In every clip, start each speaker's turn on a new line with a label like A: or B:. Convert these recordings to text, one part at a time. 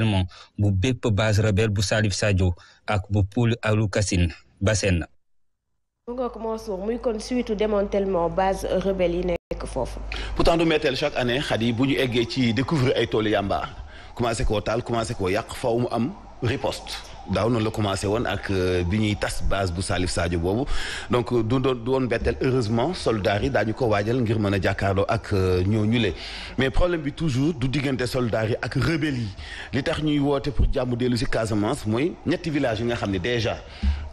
A: démantèlement bu bépp base rebelle bu Salif Sadio ak bu Poul Alou Kassine Bassène
B: mu ngoog Mansour muy kon suite démantèlement base rebelle yi nekk foofu.
A: pourtant du metteel chaque année xat yi bu ñu eggee ci découvrir ay toolu yamba commencé koo taal commencé koo yàq faw mu am riposte. daaw noonu la commencé woon ak euh, bi ñuy tas base bu Salif Sadio boobu donc euh, du doon du woon betteel heureusement soldats yi daañu ko waajal ngir mën a jàkkaarloo ak euh, ñooñu le mais problème bi toujours du diggante soldats yi ak rebelles yi li tax ñuy woote pour jàmm dellu si Casamance mooy ñetti villages yi nga xam ne déjà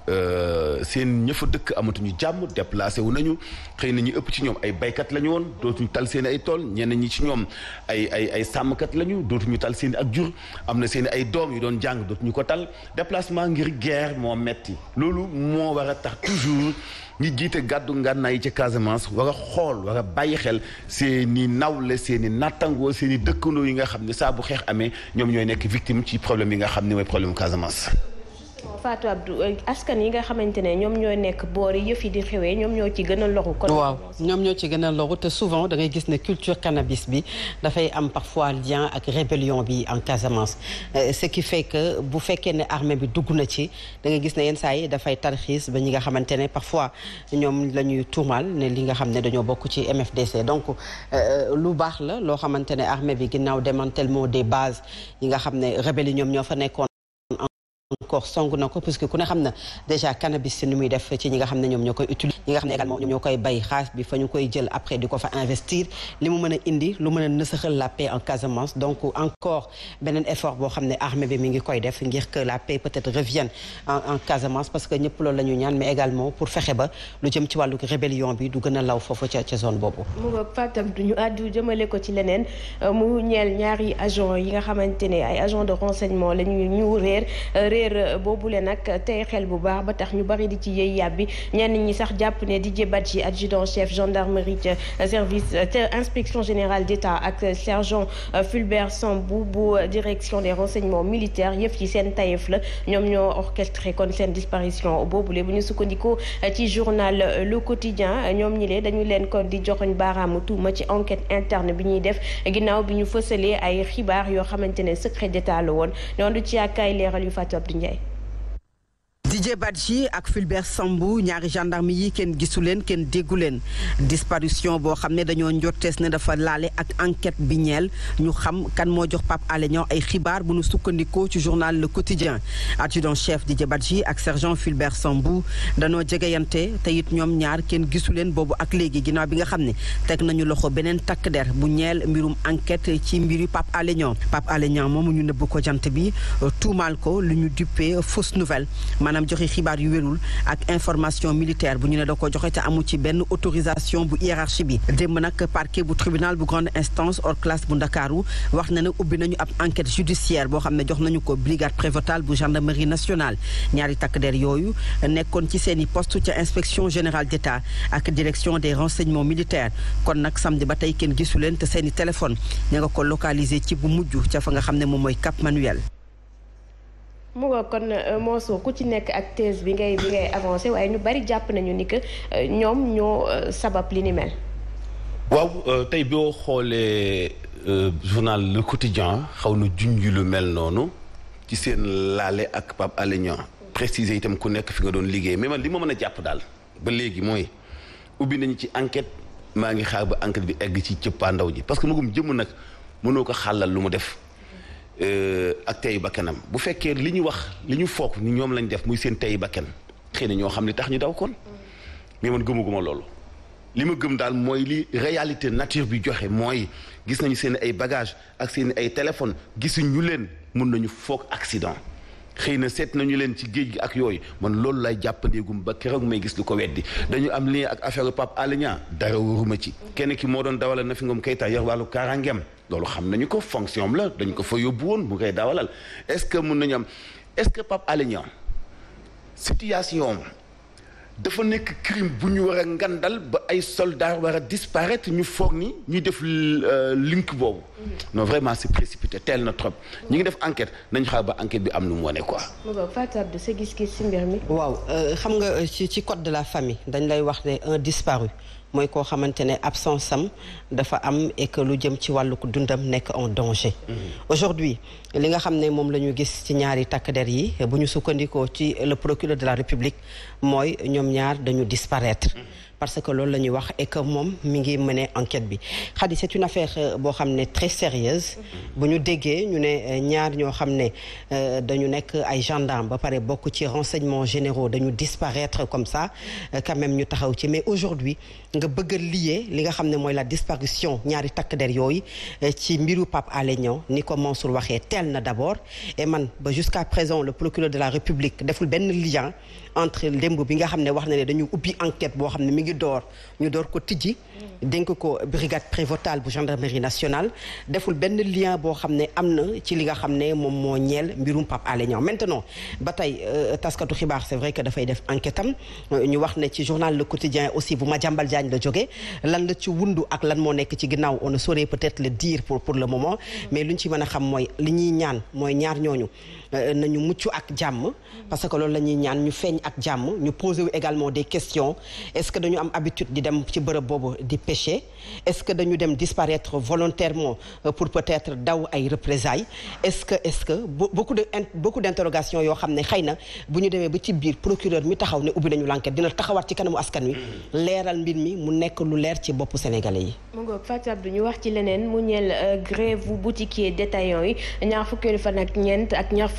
A: Euh, seen ñëfa dëkk amatuñu jàmm déplacé wu nañu xëy na ñu ëpp ci ñoom ay baykat la ñu woon dootuñu tal seen ay tool ñenn ñi ci ñoom ay ay ay sàmmkat la ñu dootuñu tal seen ak jur am na seen ay doom yu doon jàng dootuñu ko tal déplacement ngir guerre moo metti loolu moo war a tax toujours ñi jiite gàddu ngànnaay yi ca Casamance war xool war bàyyi xel seen i nawle seen i nattangoo seen i dëkkandoo yi nga xam ne saa bu xeex amee ñoom ñooy nekk victime ci problème yi nga xam ne mooy problème Casamance
B: Fatou Abdou askan yi nga xamante ne ñoom ñooy nekk boor yi yi di xewee ñoom ñoo ci gën a loru kon waaw ñoom ñoo ci gën a loru te souvent
C: da ngay gis ne culture cannabis bi dafay am parfois lien ak rébellion bi en Casamance euh, ce qui fait que bu fekkee ne armée bi dugg na ci da ngay gis ne yenn saa yi dafay tarxiis ba ñi nga xamante ne parfois ñoom la ñuy tuumaal ne li nga xam ne dañoo bokk ci MFDC donc euh, lu baax la loo xamante ne armée bi ginnaaw démantèlement des bases yi nga xam ne rébellion ñoom ñoo fa nekkoon encore song na ko puisque ku ne xam na déjà cannabis si ni muy def ci ñi nga xam ne ñoom ñoo koy utiliser ñoo koy bay xaalis bi fa ñu koy jël après di ko fa investir li mu mën a indi lu mën a nësaxal la paix en Casamance donc encore beneen effort boo xam ne armée bi mi ngi koy def ngir que la paix peut-être revienne en Casamance parce que ñëpp loolu la ñaan mais également pour fexe ba lu jëm ci wàllu rébellion bi du gën law foofu ca zone
B: boobu euh, boobule nag tey xel bu baax ba tax ñu bari di ci yëy yàbbi ñenn ñi sax jàpp ne di Didier Badji adjudant chef gendarmerie euh, service euh, inspection générale d'État ak sergent Fulbert Sambou bu direction des renseignements militaires yëf ci seen tayef la ñoom ñoo orchestré kon seen disparition lee bu ñu sukkandikoo ci journal Le Quotidien ñoom ñi lee dañu leen kon di joxoñ baaraamu tuuma ci enquête interne bi ñuy def ginnaaw bi ñu fësalee ay xibaar yoo xamante ne secret d'État woon ñoon du ci ak Ndiaye
C: Didier Badji ak Fulbert Sambou ñaari gendarme yi kenn gisu leen kenn déggu leen disparition boo xam ne dañoo njortees ne dafa laale ak enquête bi ñeel ñu xam kan moo jox Pape Alé ay xibaar bu nu sukkandikoo ci journal Le Quotidien adjudant chef Didier Badji ak sergent Fulbert Sambou dañoo jegeyante te it ñoom ñaar kenn gisu leen boobu ak léegi ginnaaw bi nga xam ne teg nañu loxo beneen takk der bu ñeel mbirum enquête ci mbiru Pape Alé Niang Pape Alé Niang moomu ñu ko jant bi tuumaal ko lu ñu duppee fausse nouvelle joxe xibaar yu wérul ak information militaire bu ñu ne da ko joxe ca amu ci benn autorisation bu hiérarchie bi démb nag parquet bu tribunal bu grande instance hors classe bu ndakaaru wax na ne ubbi nañu ab enquête judiciaire boo xam ne jox nañu ko brigade prévôtale bu gendarmerie nationale ñaari takk der yooyu nekkoon ci seen i poste ca inspection générale d'état ak direction des renseignements militaires kon nag samedi ba tey kenn gisuleen leen te seen i ko localisé ci bu mujj ca fa nga xam ne moom mooy Cap
B: mu nga kon euh, Mansour ku ci nekk ak thèse bi ngay bi ngay avancé waaye ñu bari jàpp nañu ni que euh, ñoom ñoo euh, sabab li ni mel.
A: waaw tey boo xoolee journal Le Quotidien xaw na junj lu mel noonu ci seen laale ak Pape Alé Niang préciser itam ku nekk fi nga doon liggéey mais man li ma mën a jàpp daal ba léegi mooy ubbi nañu ci enquête maa ngi xaar ba enquête bi egg ci cëppaandaw ji parce que magum jëmm nag mënoo ko xàllal lu mu def. Euh, ak tey ba kanam bu fekkee li ñu wax li ñu foog ni ñoom lañ def muy seen tey ba kenn xëy na ñoo xam li tax ñu daw kon mais man gëmuguma loolu li ma gëm daal mooy li réalité nature bi joxe mooy gis nañu seen ay bagages ak seen ay téléphones gisuñu leen mun nañu foog accident xëy na seet nañu leen ci géej gi ak yooyu man loolu lay jàppandeegum ba keroog may gis lu ko weddi dañu am lien ak affaire Pape Alé Niang dara wóoruma ci kenn ki moo doon dawalal Nafi Ngom Keïta yor wàllu kaaraangeem loolu xam nañu ko fonction am la dañ ko fa yóbbu woon mu koy dawalal est-ce que mun nañu am est-ce que Pape Alé Niang situation dafa nekk crime bu ñu war a ngandal ba ay soldats war a disparaître ñu foog ni ñuy def euh, link boobu mm-hmm. non vraiment c'est précipité teel na trop ñu ngi def enquête nañ xaar ba enquête bi am lu mu wane quoi
B: waaw euh, xam nga euh,
C: ci ci code de la famille dañ lay wax ne un disparu mooy koo xamante ne absence am dafa am et lu jëm ci wàllu dundam nekk en danger. Mhm. aujourd'hui li nga xam ne moom la ñu gis ci ñaari takk der yi bu ñu sukkandikoo ci le procureur de la république mooy ñoom ñaar dañu disparaitre mhm. parce que loolu la ñuy wax et moom mi ngi mené enquête bi Khady c'est une affaire euh, boo xam ne très sérieuse bu ñu déggee ñu ne euh, ñaar ñoo xam ne euh, dañu nekk ay gendarme ba pare bokk ci renseignements généraux dañu disparaître comme ça quand même ñu taxaw ci mais aujourd'hui nga bëgg a lier li nga xam ne mooy la disparition ñaari takk der yooyu ci mbiru Pape Alé Niang ni ko Mansour waxee teel na d'abord et man ba jusqu'à présent le procureur de la République deful benn lien entre démb bi nga xam ne wax na ne dañu ubbi enquête boo xam ne mi ngi door ñu door ko tijji. Mm. dénk ko brigade prévôtale bu gendarmerie nationale deful benn lien boo xam ne am na ci li nga xam ne moom moo ñeel mbirum Pape Alé Niang maintenant ba tey euh, taskatu xibaar c'est vrai que dafay def enquête am ñu wax ne ci journal Le Quotidien aussi bu Madiambal Diagne la jógee lan la ci ak lan moo nekk ci ginnaaw on ne saurait peut le dire pour pour le moment mm. mais luñ ci mën a xam mooy li ñuy ñaan mooy ñaar ñooñu euh, nañu mucc ak jàmm mm. parce que loolu la ñaan ñu feeñ ak jàmm ñu poser wu également des questions est-ce que dañu am habitude di dem ci bërëb boobu di pêcher est-ce que dañu dem disparaître volontairement euh, pour peut-être daw ay représailles est-ce que est-ce que beaucoup de beaucoup d'interrogations yoo xam ne xay na bu ñu demee ba ci biir procureur mi taxaw ne ubbi nañu l'enquête dina taxawaat ci kanamu askan wi leeral mbir mi mu nekk lu leer ci boppu sénégalais yi.
B: mu ngoog Fatou Abdou ñu wax ci leneen mu ñeel euh, grève bu boutiquier détaillant yi ñaar fukkeelu fan ak ñeent ak ñaar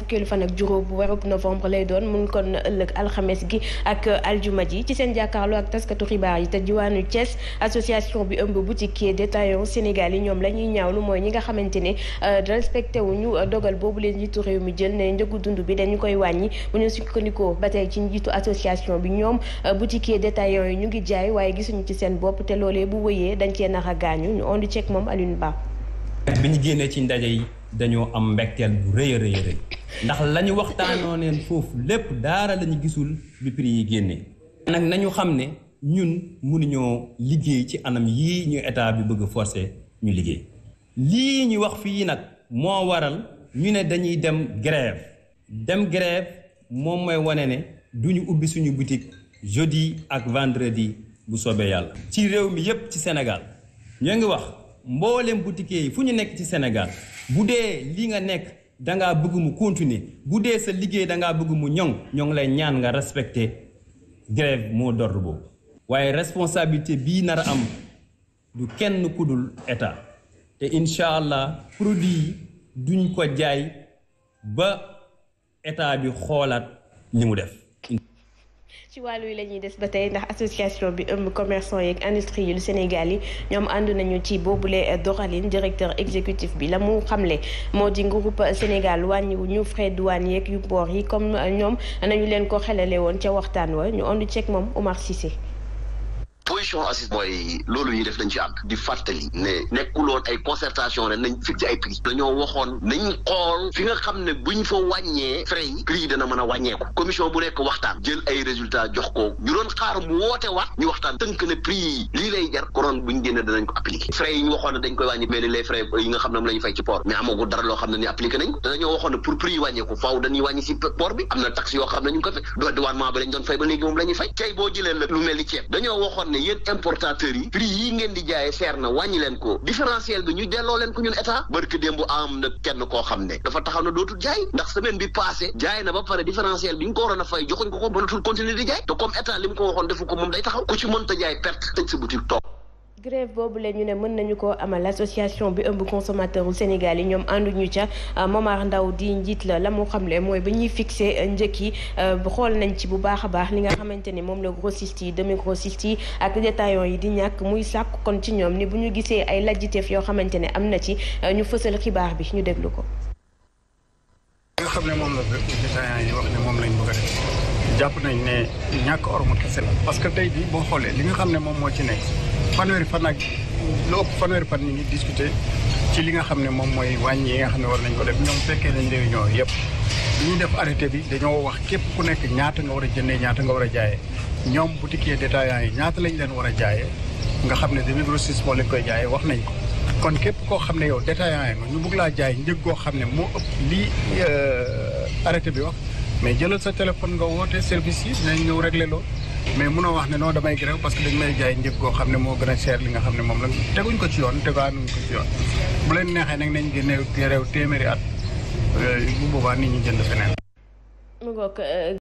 B: alxames gi ak aljuma ji ci seen jàkkaarloo ak taskatu xibaar yi te diwaanu Thiès association bi ëmb boutique yi détaillant Sénégal yi ñoom la ñuy lu mooy ñi nga xamante ne euh, respecté ñu dogal boobu leen njiitu réew mi jël ne njëgu dund bi dañu koy wàññi bu ñu sukkandikoo ba tey ci njiitu association bi ñoom euh, boutique yi détaillant yi ñu ngi jaay waaye gisuñu ci seen bopp te loolee bu wëyee dañ cee nax a gaañu ñu ondu ceeg moom Alioune Ba
A: bi ñu génnee ci ndaje yi dañoo am mbégteel bu rëy ndax la ñu waxtaanoo neen foofu lépp daara la gisul bi prix yi génne nag nañu xam ne ñun mënuñoo liggéey ci anam yi ñu état bi bëgg forcé ñu liggéey lii ñu wax fii nag moo waral ñu ne dañuy dem grève dem grève moom mooy wane ne duñu ubbi suñu boutique jeudi ak vendredi bu soobee yàlla. ci réew mi yépp ci Sénégal ñoo ngi wax mboolem boutiquiers yi fu ñu nekk ci Sénégal bu dee li nga nekk. dangaa bëgg mu continuer bu dee sa liggéey dangaa bëgg mu ñoŋ ñoo ngi lay ñaan nga respecter grève moo dor boobu waaye responsabilité bii nar a am du kenn kudul état te incha allah produit yi duñ ko jaay ba état bi xoolaat li def
B: ci wàllu yi la ñuy des ba tey ndax association bi ëmb commerçant yeeg industrie yu Sénégal yi ñoom ànd nañu ci boobu boobule eh, doxalin directeur exécutif bi la mu xamle moo di groupe Sénégal wàññiwu ñu frais douane yeeg yu port yi comme eh, ñoom nañu leen ko xelale woon ca waxtaan wa ñu ond ceeg moom Omar si
A: solution ACIS mooy loolu ñuy def dañ ci di fàttali ne nekkuloon ay concertation rek nañ fixé ay prix dañoo waxoon nañ xool fi nga xam ne buñ fa wàññi mel ci port mais amagu dara loo xam ne ni appliqué nañ dañoo waxoon ne pour yoo xam ne ñu ngi ko fay maa ba lañ doon fay ba léegi moom la fay tey boo jëlee lu mel ni ceeb dañoo waxoon ne yéen importateurs yi prix yi ngeen di jaay seer na wàññi leen ko différentiel bi ñu delloo leen ko ñun état barke démb am na kenn koo xam ne dafa taxaw na dootul jaay ndax semaine bi passé jaay na ba pare différentiel bi ñu ko waroon a fay joxuñ ko ko mënatul continuer di jaay te comme état li ko waxoon defu ko moom day taxaw ku ci mënta jaay perte tëj sa boutique toog
B: grève boobu la ñu ne mën nañu koo amal association bi ëmb consommateur u Sénégal yi ñoom ànduñu ca euh, Momar Ndaw di njiit la la mu xamle mooy ba ñuy fixé euh, njëkk yi euh, xool nañ ci bu baax a baax li nga xamante ni moom la grossiste yi demi grossiste yi ak détaillants yi di ñàkk muy sàkk kon ci ñoom ni bu ñu gisee ay lajjiteef yoo xamante ne am na ci ñu fësal xibaar bi ñu déglu ko.
A: nga xam ne moom la détaillants yi wax ne moom lañ bëgg a jàpp nañ ne ñàkk ormu kese la parce que tey boo xoolee li nga xam ne moom moo ci nekk. fanweeri fan nag lu ëpp fanweeri fan ñu ngi discuter ci li nga xam ne moom mooy wàññi yi nga xam ne war nañ ko def ñoom fekkee nañ réunion yëpp ñu def arrêté bi dañoo wax képp ku nekk ñaata nga war a jëndee ñaata nga war a jaayee ñoom boutiquiers détaillants yi ñaata lañ leen war a jaayee nga xam ne demi grossiste moo leen koy jaayee wax nañ ko kon képp koo xam ne yow détaillant yi nga ñu bëgg laa jaay njëg goo xam ne moo ëpp lii euh, arrêté bi wax mais jëlal sa téléphone nga woote service yi dinañ ñëw réglé loolu mais munoo wax ne non damay gréw parce que dañ may jaay njëg goo xam ne moo gën a cher li nga xam ne moom la teguñ ko ci yoon tegaanuñ ko ci yoon bu leen neexee nag nañ génne téeméeri at euh, bu boobaa nit ñi jënd
B: feneen